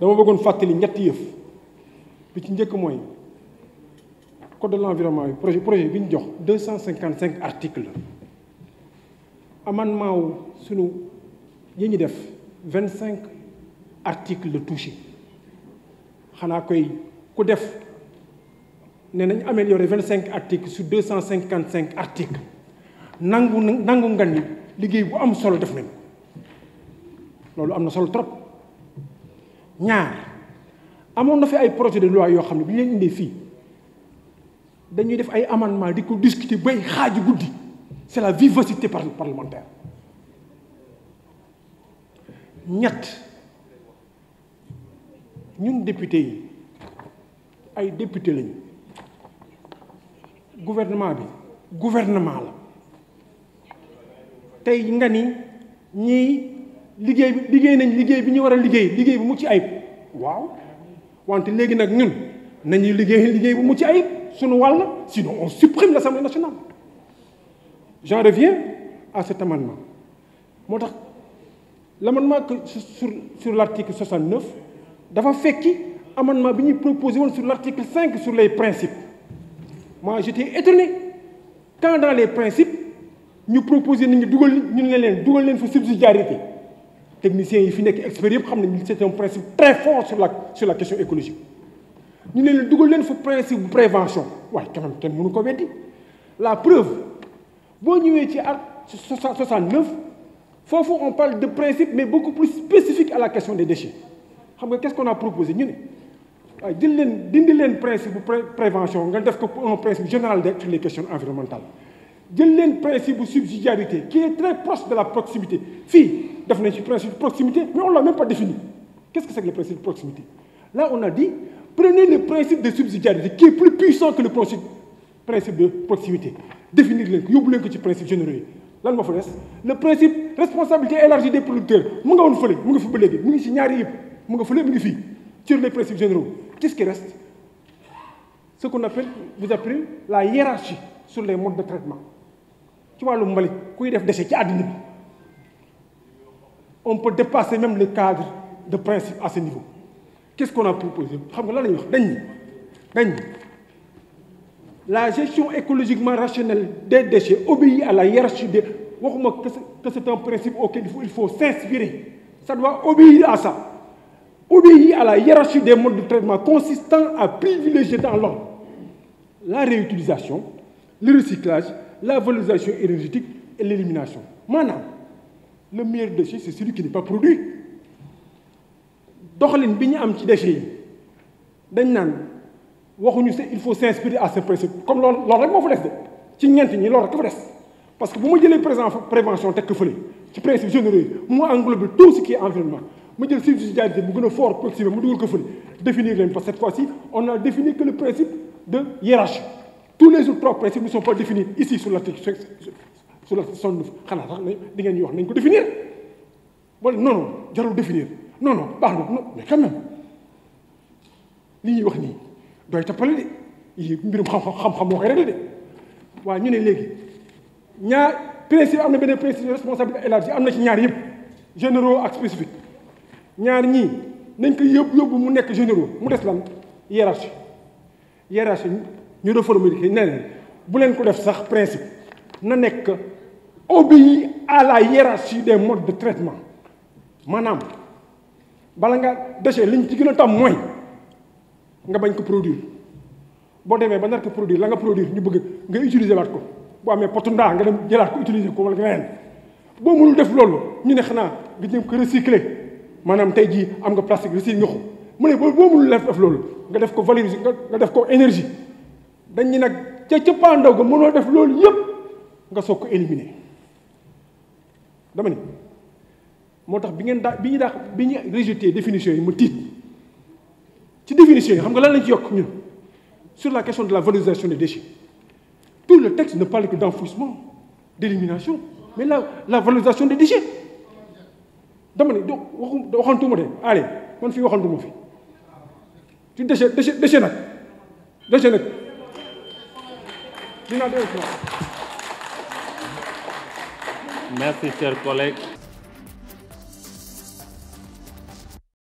dama bëggoon fàttali ñett yëf bi ci njëkk mooy code de l'environnement projet projet bi ñu jox 255 articles amendement wu sunu yi def 25 articles de touché xanaa koy ku def ne nañ amélioré 25 articles sur 255 articles nangu nangu ngan ni liggéey bu am solo def nañ loolu am solo trop ñaar amoon na fi ay projet de loi yoo xam ne bi ñu leen indee fii dañuy def ay amendement di ko discuter bay xaaju guddi c'est la vivacité parlementaire ñett ñun député yi ay député lañu gouvernement bi gouvernement la tey nga ni ñiy liggéey bi nañ liggéey bi ñu war a liggéey liggéey bu mucc ayib waaw wante léegi nag ñun nañuy liggéey liggéey bu mucc ayib suñu wàll sinon on supprime l'Assemblée nationale j'en reviens à cet amendement moo tax l'amendement que sur sur l'article 69 dafa fekki amendement bi ñu proposé woon sur l'article 5 sur les principes moi j'étais étonné quand dans les principes ñu proposé nañu dugal ñu ne leen dugal leen fa subsidiarité techniciens yi fi nekk experts yëpp xam nañu c'est un principe très fort sur la sur la question écologique ñu avons leen dugal leen fa principe de prévention quand kanam kenn mënu ko weddi la preuve boo ñëwee ci art 69 foofu on parle de principe mais beaucoup plus spécifique à la question des déchets qu'est-ce qu'on a proposé ñu ne un leen dindi principe de prévention nga def un principe général sur les questions environnementales jël leen principe de subsidiarité qui est très proche de la proximité fii def nañ ci principe de proximité mais on ne l'a même pas défini qu'est-ce que c'est que le principe de proximité là on a dit prenez le principe de subsidiarité qui est plus puissant que le principe de proximité définir le n'oubliez que ko principe généraux Là, lan moo le principe responsabilité élargie des producteurs on nga fait, fële fait, fi ba fait, ci ñaari fait, sur les principes généraux qu'est-ce qui reste ce qu'on appelle vous appelez la hiérarchie sur les modes de traitement Tu vois, il y a kuy def qui ci à bi on peut dépasser même le cadre de principe à ce niveau. Qu'est-ce qu'on a proposé La gestion écologiquement rationnelle des déchets obéit à la hiérarchie des... que c'est un principe auquel il faut, s'inspirer. Ça doit obéir à ça. Obéir à la hiérarchie des modes de traitement consistant à privilégier dans l'ordre la réutilisation, le recyclage, la valorisation énergétique et l'élimination. Maintenant, le meilleur déchet c'est celui qui n'est pas produit Donc bi am ci déchet. dañ il faut s'inspirer à ce principe comme loolu loolu rek moo fa des ci ñent ñi loolu rek fa parce que bu ma jëlee présent prévention teg que ci principe généraux yi englobe tout ce qui est environnement Je jël subsidiarité bu gën a fort proximité mu dugal ko définir parce que cette fois-ci on a défini que le principe de hiérarchie tous les autres principes ne sont pas définis ici sur l'article su la sonn xanaa sax ne di ngeen wax nañ ko définir wala non non jarul définir non non baax na non mais quand même li ñuy wax nii doy tappale de yi mbirum xam-xam xam-xam moo koy réglé de waaw ñu ne léegi ñaar principe am na benn principe responsable élargie am na ci ñaar yëpp généraux ak spécifique ñaar ñii nañ ko yóbbu yóbbu mu nekk généraux mu des lan hiérarchie hiérarchie ñu reformuler ne bu leen ko def sax principe na nekk obéit à la hiérarchie des modes de traitement Madame, bala nga déchet Vous on produire Bon, vous ba vous produire la nga produire ñu bëgg utiliser l'arco. ko vous pouvez vous nga dem utiliser ko le pouvez def loolu ne vous ko recycler vous plastique recycler ne valoriser vous énergie dañ def nga éliminer dama ni moo tax bi ngeen daa bi ñu bi ñu rejeté définition yi mu tiit ci définition yi xam nga lan lañ ci yokk ñun sur la question de la valorisation des déchets tout le texte ne parle que d'enfouissement d'élimination mais la la valorisation des déchets dama ni do waxu waxantuma de allez man fii waxantuma fi ci déchets déchets, déchets, nag déchet nag dinaa math teacher collect